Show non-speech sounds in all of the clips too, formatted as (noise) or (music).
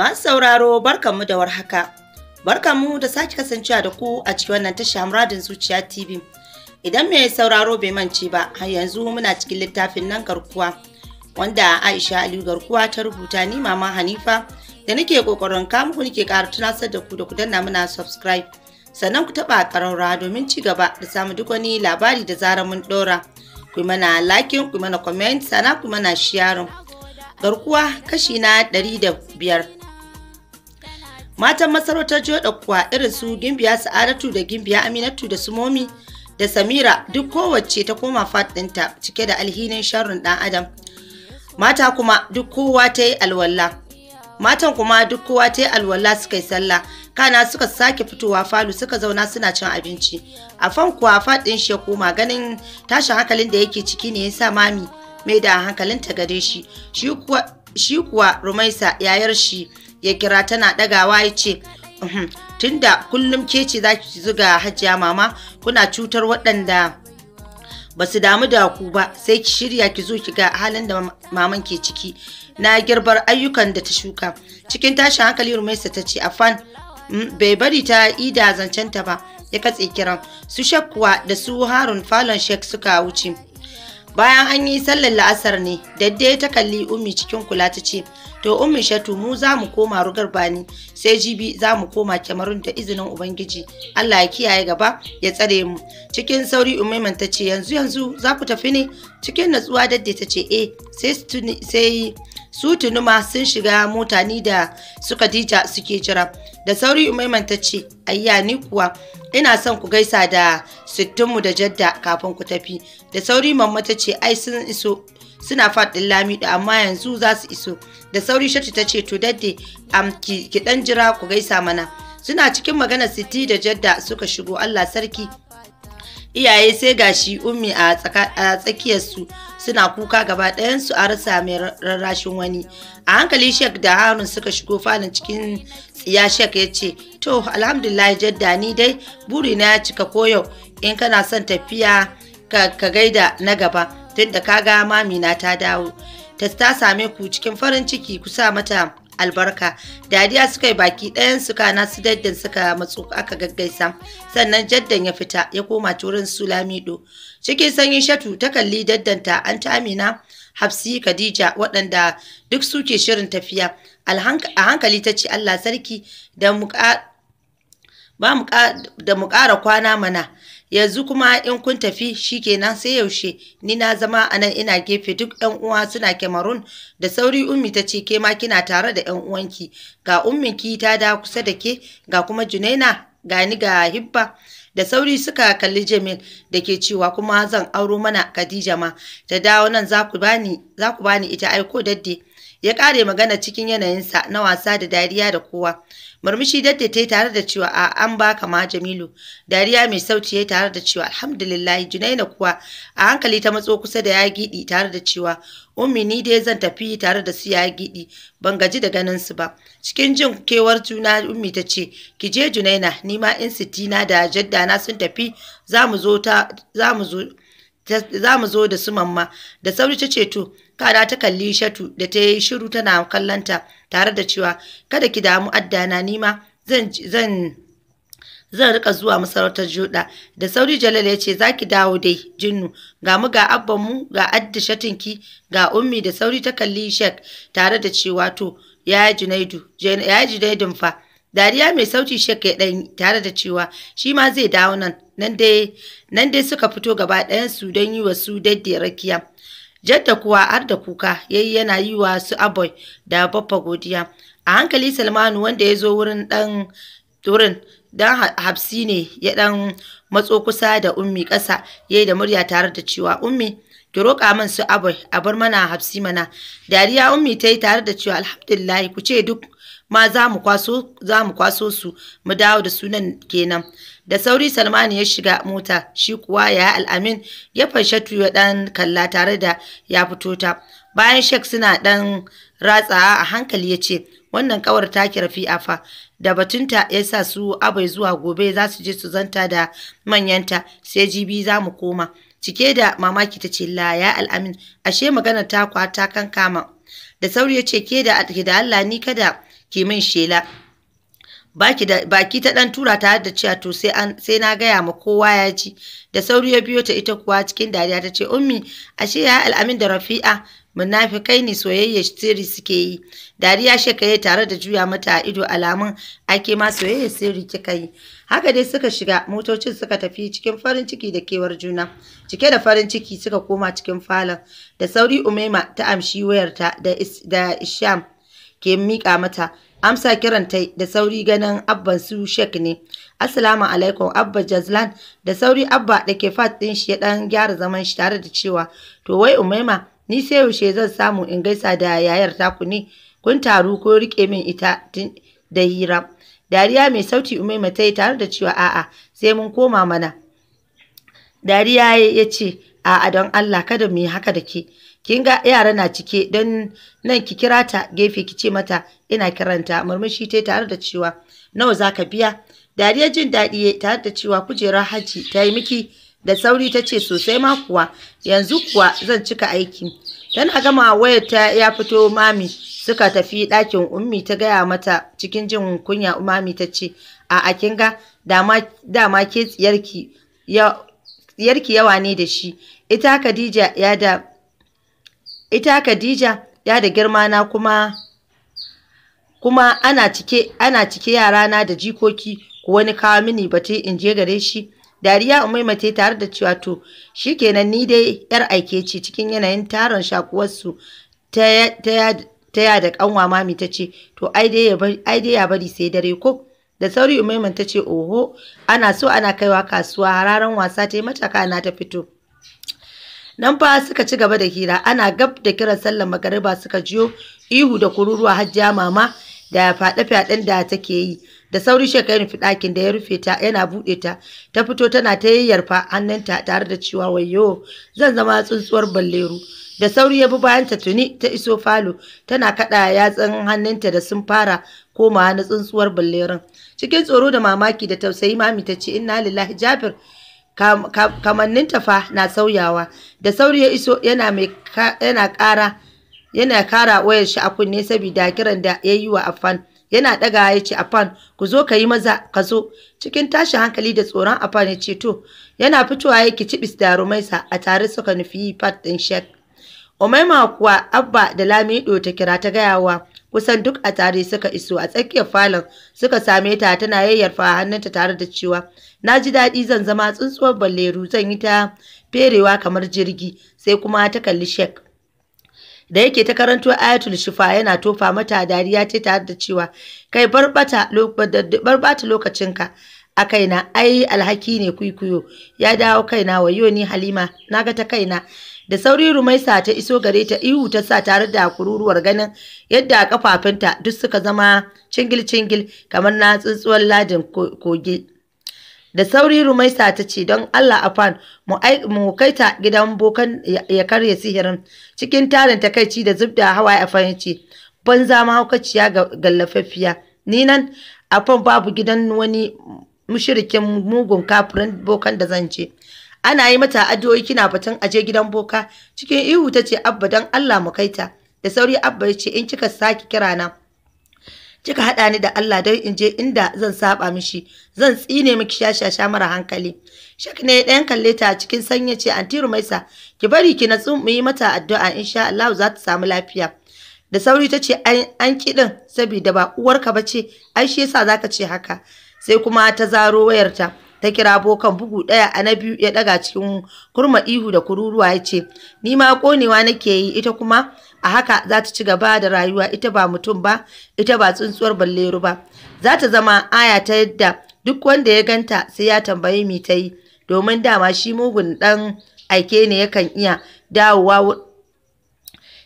Masu sauraro barkanmu da warhaka. Barkanmu da sake kasancewa da ku a cikin wannan tasha muradin zuciya TV. Idan mai sauraro bai mance ba, har yanzu muna cikin littafin nan garkuwa wanda Aisha Aliyu garkuwa ta rubuta ni mama Hanifa da nake kokarin ku nake ƙara tunasar da ku da ku danna muna subscribe. Sannan ku taɓa ƙaraura domin ci gaba da samu duk wani labari da zarar mun ɗora. Ku mana liking, ku mana comment, sannan ku mana sharing. Garkuwa kashi na ɗari da biyar. Matan masarautar Joda kuwa irin su Gimbiya Sa'adatu da Gimbiya Aminatu da Sumomi da Samira duk kowace ta koma fat ɗinta cike da alhinin sharrin ɗan Adam. Mata kuma duk kowa ta yi alwala. Matan kuma duk kowa ta yi alwala suka yi sallah kana suka sake fitowa falu suka zauna suna cin abinci. A fan kuwa fat ɗin shi ya koma ganin tashin hankalin da yake ciki ne ya sa mami mai da hankalinta gare shi. Shi kuwa Rumaisa yayar shi ya kira tana ɗagawa ya ce uhm, tunda kullum ke ce za ki zuga hajiya mama kuna cutar waɗanda ba su damu da ku ba sai ki shirya ki zo ki ga halin da maman ke ciki na girbar ayyukan da ta shuka cikin tashin hankali rumaisa ta ce afan uhm, bai bari ta ida zancenta ba ya katse kiran su shek da su harun falon shek suka wuce bayan an yi sallar la'asar ne dadde ta kalli ummi cikin kula ta ce to ummi shatu mu za mu koma rugar bani sai jibi za mu koma kyamarun da izinin ubangiji allah ya kiyaye gaba ya tsare mu cikin sauri umaiman ta ce yanzu yanzu za ku tafi ne cikin natsuwa dadde ta ce eh sai su tunuma sun shiga mota ni da su Khadija suke jira da sauri Umaiman ta ce ayya ni kuwa ina son ku gaisa da sittinmu da Jadda kafin ku tafi da sauri mamma ta ce ai sun iso suna faɗin da amma yanzu za su iso da sauri shatu ta ce to dadde am ki dan jira ku gaisa mana suna cikin magana siti da jadda suka shigo Allah sarki iyaye sai gashi ummi a tsakiyar su suna kuka gaba ɗayansu a rasa mai rarrashin wani a hankali shek da harun suka shigo falon cikin tsiya shek ya ce to alhamdulillah jadda ni dai buri na ya cika koyau in kana son tafiya ka gaida na gaba tunda kaga mamina ta dawo ta same ku cikin farin ciki ku sa mata albarka dadiya suka yi baki ɗayan su kana su daddin suka matsu aka gaggaisa sannan jaddan ya fita ya koma turin su lamido cikin sanyin shatu ta kalli daddanta an ta amina hafsi khadija waɗanda duk suke shirin tafiya a hankali ta ce allah sarki da mu ƙara kwana mana yanzu kuma in kun tafi shi shikenan sai yaushe ni na zama anan ina gefe duk yan uwa suna kemarun da sauri ummi ta ce ke ma kina tare da yan uwanki ga umminki ta da kusa da ke ga kuma junaina ga ni ga hibba da sauri suka kalli jamil da ke cewa kuma zan auro mana khadija ma ta dawo nan za ku bani ita aiko dadde ya kare magana cikin yanayinsa na wasa da dariya da kowa murmushi dadda ta tare da cewa a an baka ma jamilu dariya mai sauti ya tare da cewa alhamdulillahi junaina kuwa a hankali ta matso kusa da ya gidi tare da cewa ummi ni dai zan tafi tare da su ya gidi ban gaji da ganin su ba cikin jin kewar juna ummi ta ce ki je junaina ni ma in sitina da jaddana sun tafi za mu zo ta za mu zo za mu zo da su mamma da sauri ta ce to kada ta kalli shatu da ta yi shiru tana kallanta tare da cewa kada ki damu addana nima zan zan zan rika zuwa masarautar joda da sauri jalal ya ce zaki dawo dai jinnu ga mu ga abbanmu ga adda shatinki ga ummi da sauri ta kalli shek tare da cewa to ya junaidu yaya junaidun fa Dariya mai sauti shek ya ɗan tare da cewa shi ma zai dawo nan nan dai suka fito gaba ɗayansu don yi wa su daidai rakiya. Jadda kuwa har da kuka yayi yana yi wa su aboy da baffa godiya. A hankali Salmanu wanda ya zo wurin ɗan turin dan Hafsi ne ya ɗan matso kusa da Ummi ƙasa ya yi da murya tare da cewa Ummi ki roƙa min su abai a bar mana hafsi mana dariya ummi ta tare da cewa alhamdulillahi ku ce duk ma za mu kwaso su mu dawo da sunan kenan da sauri salmani ya shiga mota shi kuwa ya al'amin ya fashatu ya dan kalla tare da ya fito ta bayan shek suna dan ratsa a hankali ya ce wannan kawar ta ki rafi afa da batunta ya sa su abai zuwa gobe za su je su zanta da manyanta sai jibi za mu koma cike da mamaki ta ce la ya al'amin ashe magana ta kwata kan kama da sauri ya ce ke da da Allah ni kada ki min shela baki da baki ta dan tura ta da cewa to sai an sai na gaya ma kowa ya ji da sauri ya biyo ta ita kuwa cikin dariya ta ce ummi ashe ya al'amin da rafi'a munafikai ne soyayya sirri suke yi dariya shekaye tare da juya mata a ido alamun ake ma soyayya sirri kika yi haka dai suka shiga motocin suka tafi cikin farin ciki da kewar juna cike da farin ciki suka koma cikin falon da sauri umaima ta amshi wayarta da isham ke mika mata amsa kiran da sauri ganin abban su shek ne assalamu alaikum abba jazlan da sauri abba da ke fat din shi ya dan gyara zaman shi tare da cewa to wai umaima Ni sai yaushe zan samu in gaisa da yayar taku ne? Kun taru ko rike min ita da hira? Dariya mai sauti umai ta yi tare da cewa a'a sai mun koma mana. Dariya ya ce a'a don Allah kada mu yi haka da ke. Kin ga yara na cike don nan ki kira ta gefe ki ce mata ina kiranta murmushi ta tare da cewa nawa za ka biya. Dariya jin daɗi tare da cewa kujerar hajji ta yi miki da sauri ta ce sosai ma kuwa yanzu kuwa zan cika aiki tana gama wayar ta ya fito mami suka tafi ɗakin ummi ta gaya mata cikin jin kunya umami ta ce a akin ga dama ke tsiyarki yawa ne da shi ita Khadija ya da ya da girma na kuma kuma ana cike ana cike yarana da jikoki ku wani kawo mini bate in je gare shi dariya umaima ce tare da cewa to shi kenan ni dai yar aike ce cikin yanayin taron shakuwarsu ta ya da kanwa mami ta ce to ai dai ya bari sai dare ko da sauri umaima ta ce oho ana so ana kaiwa kasuwa hararan wasa ta yi mataka na ta fito nan fa suka ci gaba da hira ana gab da kiran sallar magariba suka jiyo ihu da kururuwa hajjia mama da fyaɗe faɗen da take yi da sauri sheka ya ɗakin da ya rufe ta yana buɗe ta ta fito tana ta yayyarfa hannunta tare da cewa wayo zan zama tsuntsuwar balleru da sauri ya bi bayanta tuni ta iso falo tana kaɗa yatsan hannunta da sun fara komawa na tsuntsuwar ballerin cikin tsoro da mamaki da tausayi mami ta ce inna lillahi jabir kamanninta fa na sauyawa da sauri ya iso yana mai yana ƙara yana kara wayar shi a kunne saboda kiran da ya yi wa afan yana ɗaga ya ce afan ku zo ka yi maza ka zo cikin tashin hankali da tsoron afan ya ce to yana fitowa ya ki cibis da rumaisa a tare suka nufi fat ɗin shek umaima kuwa abba da lamido ta kira ta gayawa kusan duk a tare suka iso a tsakiyar falon suka same ta tana yayyarfa hannunta tare da cewa na ji daɗi zan zama tsuntsuwar balleru zan yi ta ferewa kamar jirgi sai kuma ta kalli shek da yake ta karanto ayatul shifa yana tofa mata dariya ce tare da cewa kai barbata lokacinka a kaina ai alhaki ne kuikuyo ya dawo kaina wayo ni halima na ga ta kaina da sauri rumaisa ta iso gare ta ihu ta sa tare da kururuwar ganin yadda kafafinta duk suka zama cingil-cingil kamar na tsuntsuwar ladin kogi da sauri rumaisa ta ce don allah afan mu kai ta gidan bokan ya karya sihirin cikin tarin takaici da zub da hawa afan ya ce banza ga gallafaffiya ni nan afan babu gidan wani mushirikin mugun kafirin bokan da zan ce ana yi mata addu'o'i kina fatan aje gidan boka cikin ihu ta ce abba don allah mu kai ta da sauri abba ya ce in kika sake kira na kika haɗa ni da Allah don in je inda zan saba mishi zan tsine miki shashasha mara hankali shak ne ɗayan kalle ta cikin sanya ce anti rumaisa ki bari ki natsu mu yi mata addu'a insha Allah za ta samu lafiya da sauri ta ce an kiɗin saboda ba uwarka ba ce ai shi yasa zaka ce haka sai kuma ta zaro wayarta ta kira bokan bugu ɗaya a na biyu ya ɗaga cikin kurma ihu da kururuwa ya ce ni ma ƙonewa nake yi ita kuma a haka za ta ci gaba da rayuwa ita ba mutum ba ita ba tsuntsuwar balleru ba za ta zama aya ta yadda duk wanda ya ganta sai ya tambayi mi ta yi domin dama shi mugun dan aike ne yakan iya dawowa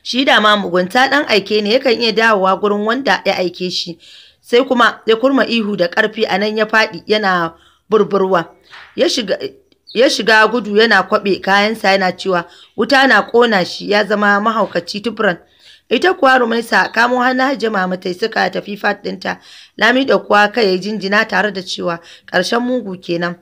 shi dama mugunta dan aike ne yakan iya dawowa gurin wanda ya aike shi sai kuma ya kurma ihu da karfi anan ya faɗi yana burburwa ya shiga ya shiga gudu yana kwaɓe kayansa yana cewa wuta na kona shi ya zama mahaukaci tufuran ita kuwa rumaisa kamo hannun hajji mamatai suka tafi fat ɗinta lami da kuwa kai ya jinjina tare da cewa karshen mugu kenan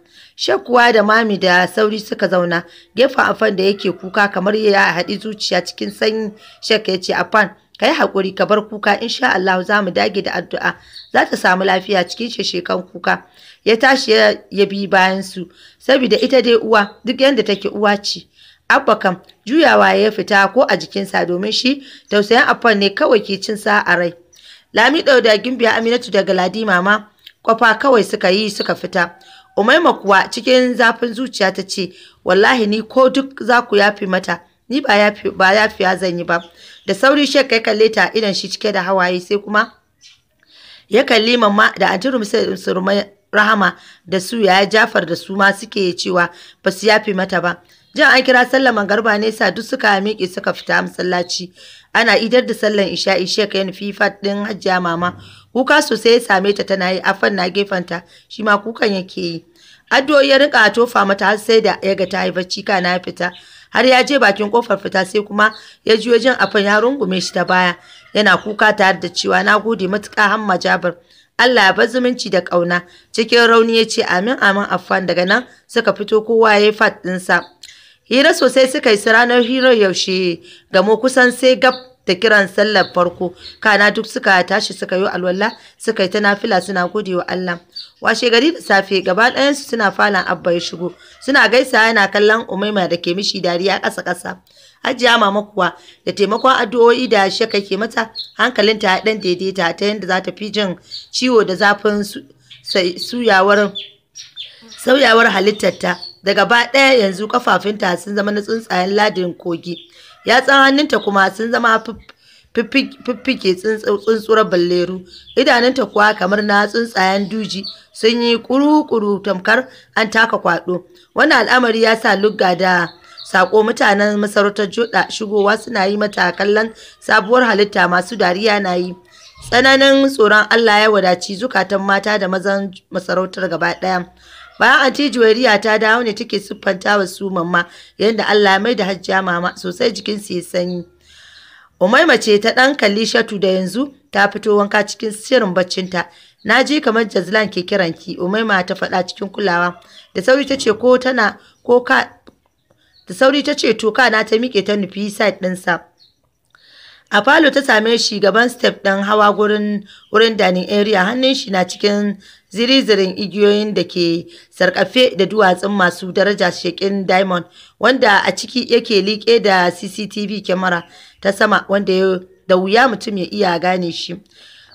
kuwa da mami da sauri suka zauna gefen afan da yake kuka kamar ya haɗi zuciya cikin sanyi shek ya ce afan ka yi haƙuri ka bar kuka sha Allah za mu dage da addu'a za ta samu lafiya cikin sheshekan kuka ya tashi ya bi bayan su saboda ita dai uwa duk yadda take uwa ce abba kam juyawa ya fita ko a jikinsa domin shi tausayin affan ne kawai ke cin sa a rai lami da gimbiya aminatu daga Ladi mama kwafa kawai suka yi suka fita umaima kuwa cikin zafin zuciya ta ce wallahi ni ko duk za ku yafi mata ni ba yafi ba yafiya zan yi ba da sauri shek ya kalle ta idan shi cike da hawaye sai kuma ya kalli mamma da antirum surma rahama da su ya jafar da su ma suke cewa ba su yafi mata ba jan an kira sallar magarba nesa duk suka miƙe suka fita masallaci ana idar da sallar isha'i shek yan fifat din hajjiya mama kuka sosai ya same ta tana yi afan na gefenta shi ma kukan yake yi addu'o'i ya rika tofa mata har sai da ya ga ta yi bacci kana fita har ya je bakin kofar fita sai kuma ya ji wajen afan ya rungume shi ta baya yana kuka tare da cewa na gode matuƙa hamma jabar Allah ya bar zumunci da ƙauna cikin rauni ya ce amin amin afan daga nan suka fito kowa ya yi fat ɗinsa hira sosai suka yi su ranar hira yaushe gamo kusan sai gab da kiran sallar farko kana duk suka tashi suka yi alwala suka yi ta nafila suna gode wa Allah washe gari da safe gaba ɗayansu suna falon abba ya shigo suna gaisa yana kallon umaima da ke mishi dariya ƙasa ƙasa hajiya mama kuwa da taimakon addu'o'i da shaka ke mata hankalinta ya ɗan daidaita ta yanda za ta fi jin ciwo da zafin suyawar sauyawar halittarta da gaba ɗaya yanzu kafafunta sun zama na tsuntsayen ladin kogi yatsan hannunta kuma sun zama fiffike tsuntsurar balleru idanunta kuwa kamar na tsuntsayen duji sun yi kuru-kuru tamkar an taka kwado wannan al'amari ya sa lugga da sako mutanen masarautar juda shigowa suna yi mata kallon sabuwar halitta masu dariya na yi tsananin tsoron allah ya wadaci zukatan mata da mazan masarautar gaba ɗaya bayan anti juwariya ta dawo ne take siffanta wa su mamma yadda Allah mai da hajjiya mama sosai jikin su ya sanyi umaima ce ta dan kalli shatu da yanzu ta fito wanka cikin sirrin baccinta na ji kamar jazlan ke kiranki umaima ta faɗa cikin kulawa da sauri ta ce ko tana ko ka da sauri ta ce to kana ta miƙe ta nufi side ɗinsa. A falo ta same shi gaban step ɗin hawa gurin wurin dining area hannun shi na cikin zirizirin igiyoyin da ke sarkafe da duwatsun masu daraja shekin diamond wanda a ciki yake liƙe da cctv kyamara ta sama wanda da wuya mutum ya iya gane shi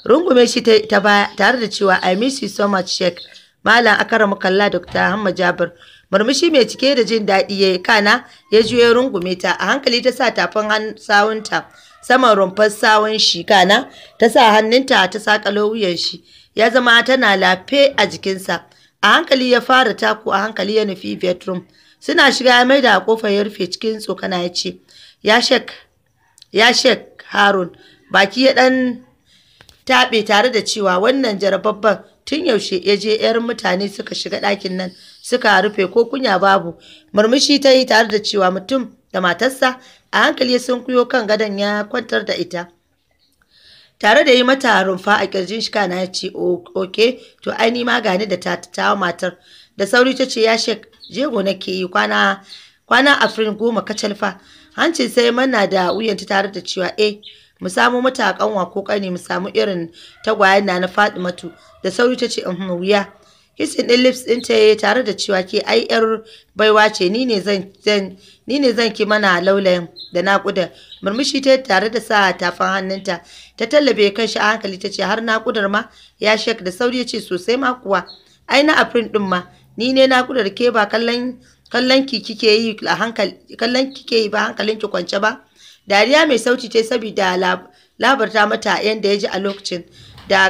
rungume shi ta baya tare da cewa i miss you so much sheik malam akara mukalla dr hamma jabir murmushi mai cike da jin daɗi ya kana ya juya rungume ta a hankali ta sa tafin sawunta saman rumfar sawun shi kana ta sa hannunta ta saƙalo wuyan shi ya zama tana lafe a jikinsa a hankali ya fara taku a hankali ya nufi bedroom suna shiga ya maida a kofar ya rufe cikin tsokana ya ce ya shek harun baki ya dan taɓe tare da cewa wannan jarababban tun yaushe ya je 'yar mutane suka shiga ɗakin nan suka rufe ko kunya babu murmushi ta yi tare da cewa mutum da matarsa a hankali sun kuyo kan gadon ya kwantar da ita tare da yi mata rumfa a kirjin shi kana ya ce oke to ai ni ma gani da ta ta matar da sauri ta ce ya shek jego nake yi kwana afirin goma kacal fa hanci sai mana da wuyanta tare da cewa eh mu samu mata kanwa ko kani mu samu irin tagwayen na na Fatimatu da sauri ta ce uhum wuya kisin din lips din ta tare da cewa ke ai yar baiwa ce ni ne zan zan ni ne zan ki mana laulayin da naƙuda murmushi ta tare da sa tafan hannunta ta tallabe kan shi a hankali ta ce har naƙudar ma ya shek da sauri ya ce sosai ma kuwa ai na afrin din ma ni ne naƙudar ke ba kallon kallon ki kike yi a hankali kallon kike yi ba hankalin ki kwance ba dariya mai sauti ta saboda labarta mata yanda ya ji a lokacin da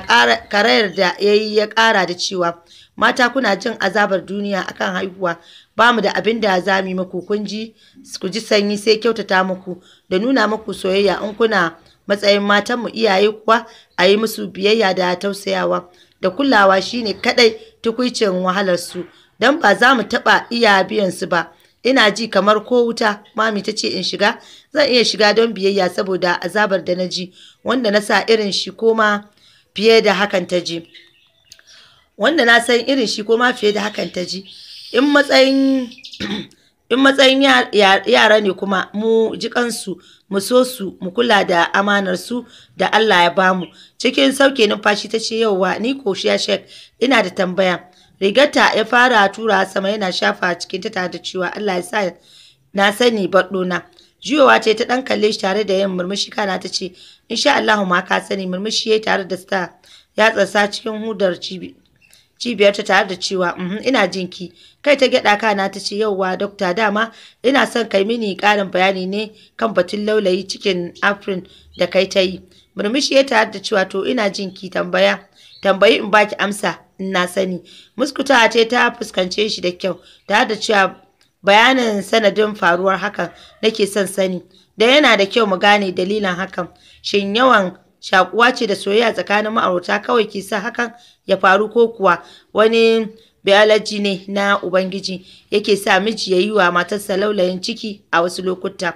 karayar da ya ya ƙara da cewa mata kuna jin azabar duniya akan haihuwa ba mu da abin da za mu yi muku kun ji ku ji sanyi sai kyautata muku da nuna muku soyayya in kuna matsayin matan mu iyaye kuwa a yi musu biyayya da tausayawa da kulawa shine kadai tukuicin wahalar su dan ba za mu taba iya biyan su ba ina ji kamar ko wuta mami ta ce in shiga zan iya shiga don biyayya saboda azabar da na ji wanda na sa irin shi koma fiye da hakan ta ji wanda na san irin shi ko ma fiye da hakan ta ji in matsayin (clears throat) in matsayin yara ne kuma mu ji kansu mu so su mu kula da amanar su da Allah ya bamu cikin sauke numfashi ta ce yauwa ni ko shek ina da tambaya rigata ya fara tura sama yana shafa cikin ta da cewa Allah ya sa na sani baɗona juyowa ce ta ɗan kalle shi tare da yin murmushi kana ta ce insha Allah ma ka sani murmushi ya tare da star ya tsasa cikin hudar cibi ta tare da cewa uhm, ina jinki kai ta gyaɗa kana ta ce yauwa dokta dama ina son kai mini ƙarin bayani ne kan batun laulayi cikin afrin da kai ta yi murmushi ya tare da cewa to ina jinki tambaya tambayi in baki amsa in na sani muskutawa ce ta fuskance shi da kyau tare da cewa bayanin sanadin faruwar hakan nake son sani da yana da kyau mu gane dalilin hakan shin yawan shakuwa ce da soyayya tsakanin ma'aurata kawai ke sa hakan ya faru ko kuwa wani biology ne na ubangiji yake sa miji ya yi wa matarsa laulayin ciki a wasu lokuta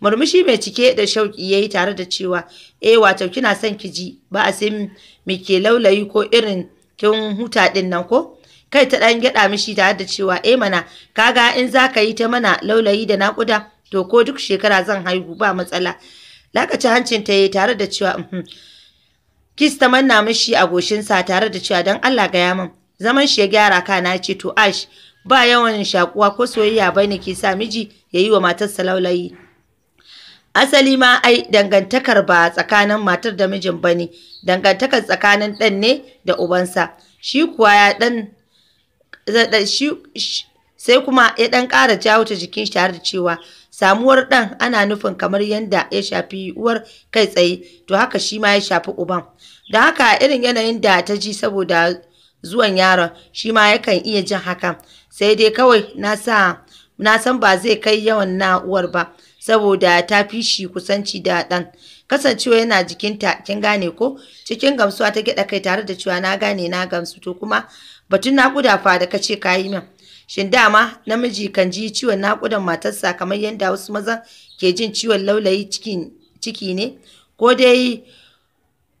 murmushi mai cike da shauki ya yi tare da cewa eh wato kina son ki ji ba a sai me ke laulayi ko irin kin huta din nan ko kai ta dan gyada mishi tare da cewa eh mana kaga in za ka yi ta mana laulayi da nakuda to ko duk shekara zan haihu ba matsala Lakaci hancin ta yi tare da cewa uhm, uhm, kis ta manna mishi a goshinsa tare da cewa don Allah gaya min. Zaman shi ya gyara kana ce to ash ba yawan shakuwa ko soyayya ne ke sa miji ya yi wa matarsa laulayi. Asali ma ai dangantakar ba tsakanin matar da mijin ba ne, dangantakar tsakanin ɗan ne da ubansa, shi kuwa ya ɗan sai kuma ya ɗan ƙara jawo ta jikin shi tare da cewa samuwar ɗan ana nufin kamar yadda ya shafi uwar kai tsaye to haka shi ma ya shafi uban da haka irin yanayin da ta ji saboda zuwan yaron shi ma yakan iya jin haka sai dai kawai na na san ba zai kai yawan na uwar ba saboda ta fi shi kusanci da ɗan kasancewa yana jikinta kin gane ko cikin gamsuwa ta gyaɗa kai tare da cewa na gane na gamsu to kuma batun naƙuda fa da ka ce ka yi min Shin dama namiji kan ji ciwon naƙudan matarsa kamar yadda wasu maza ke jin ciwon laulayi ciki ne? Ko dai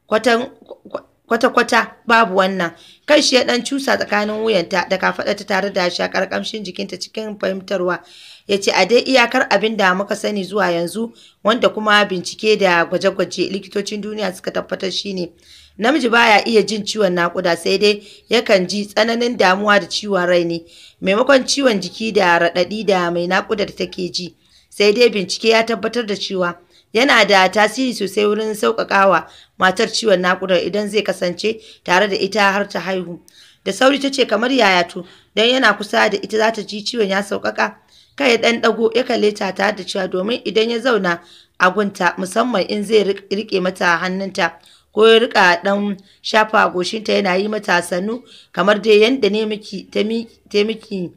kwata-kwata babu wannan. kai shi ya ɗan cusa tsakanin wuyanta da ta tare da shakar ƙamshin jikinta cikin fahimtarwa. ya ce a dai iyakar abin da muka sani zuwa yanzu wanda kuma bincike da gwaje-gwaje likitocin duniya suka tabbatar shi ne. namiji baya iya jin ciwon naƙuda sai dai yakan ji tsananin damuwa da ciwon rai ne maimakon ciwon jiki da raɗaɗi da mai da take ji sai dai bincike ya tabbatar da cewa yana da tasiri sosai wurin sauƙaƙawa matar ciwon naƙudar idan zai kasance tare da ita har ta haihu da sauri ta ce kamar yaya to don yana kusa da ita za ta ji ciwon ya sauƙaƙa kai ɗan ɗago ya kalle ta tare da cewa domin idan ya zauna a gunta musamman in zai riƙe mata hannunta ko ya rika dan shafa goshinta yana yi mata sannu kamar dai yanda ne miki ta miki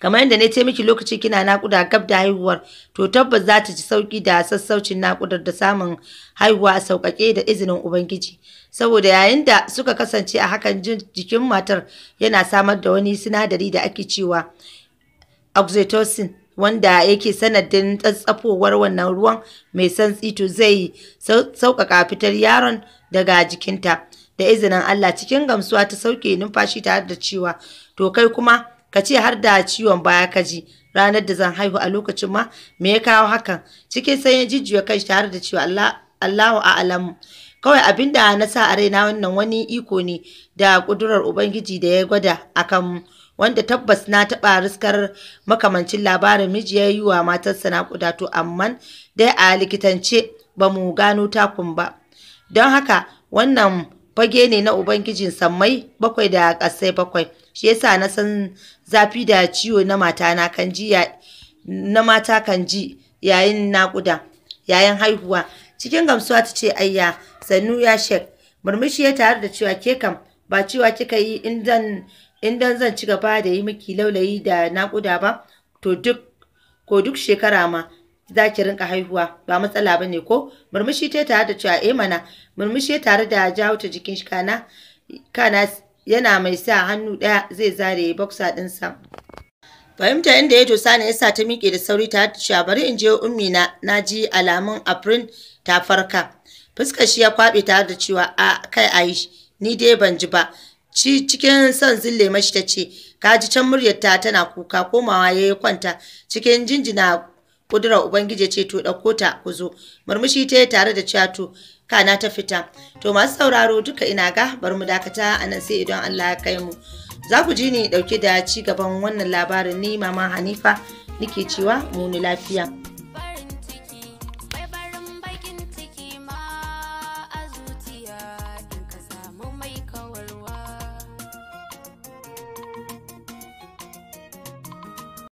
kamar yadda ne ce miki lokaci kina nakuda gab da haihuwar to tabbas za ta ci sauki da sassaucin nakudar da samun haihuwa a sauƙaƙe da izinin ubangiji saboda yayin da suka kasance a hakan jin jikin matar yana samar da wani sinadari da ake cewa oxytocin wanda yake sanadin tsatsafowar wannan ruwan mai santsi to zai sauƙaƙa fitar yaron daga jikinta da izinin Allah cikin gamsuwa ta sauke numfashi tare da cewa to kai kuma ka ce har da ciwon baya ka ji ranar da zan haihu a lokacin ma me ya kawo hakan cikin sanyin jijiyar kai tare da cewa Allahu Allahu a'lamu kawai abinda na sa a raina wannan wani iko ne da kudurar ubangiji da ya gwada akan wanda tabbas na taɓa riskar makamancin labarin miji ya yi wa matarsa naƙuda to amma dai a likitance ba mu gano takun ba don haka wannan fage ne na ubangijin sammai bakwai da ƙasai bakwai shi yasa na san zafi da ciwo na mata na kan ji na mata kan ji yayin naƙuda yayin haihuwa cikin gamsuwa ta ce ayya sannu ya shek murmushi ya tare da cewa ke kam ba cewa kika yi in zan in dan zan ci gaba da yi miki laulayi da naƙuda ba to duk ko duk shekara ma za ki rinka haihuwa ba matsala ba ne ko murmushi ta tare da cewa eh mana murmushi tare da jawuta jikin jikin kana kana yana mai sa hannu ɗaya zai zare boxer ɗinsa. fahimta inda ya sani ne yasa ta miƙe da sauri ta cewa bari in je ummi na na ji alamun afrin ta farka fuskar shi ya kwaɓe tare da cewa a kai yi ni dai ban ji ba ci cikin son zille mashi ta ce kaji can muryarta tana kuka komawa ya yi kwanta cikin jinjina ƙudurar ubangiji ce to ɗauko ta ku zo murmushi ta yi tare da cewa to kana ta fita to masu sauraro duka ina ga bar mu dakata a nan sai idan Allah ya kai mu za ku ji ni ɗauke da ci gaban wannan labarin ni mama Hanifa nike cewa muni lafiya.